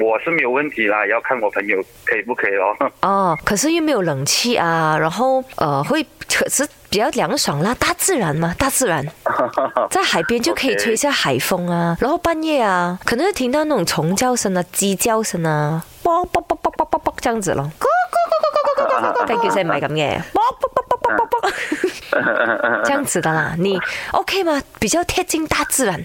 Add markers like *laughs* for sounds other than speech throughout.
我是沒有問題啦，要看我朋友可以不可以咯。哦，可是又沒有冷氣啊，然後呃會可是比較涼爽啦，大自然嘛，大自然，在海邊就可以吹一下海風啊， *laughs* 然後半夜啊，可能就聽到那種蟲叫聲啊，雞叫聲啊，啵啵啵啵啵啵啵這樣子咯。雞叫聲唔係咁嘅，啵啵啵啵啵啵啵，這樣子噶啦，你 *laughs* OK 嗎？比較貼近大自然。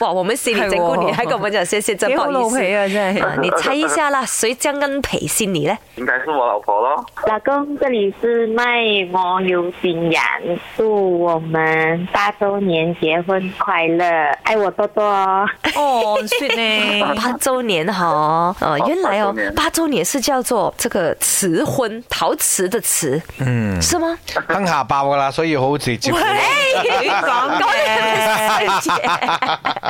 哇！我們心裡整蠱你，還跟我們講謝謝、哎、呦真不好意思。哎、啊，真係、啊。你猜一下啦，誰將恩皮心你呢？應該是我老婆咯。老公，這裡是賣毛油精鹽，祝我們八周年結婚快樂，愛我多多。哦，算呢， *laughs* 八周年哈、啊，原來哦，八周年是叫做這個瓷婚，陶瓷的瓷，嗯，是嗎？哼下爆噶啦，所以好幾結 *laughs*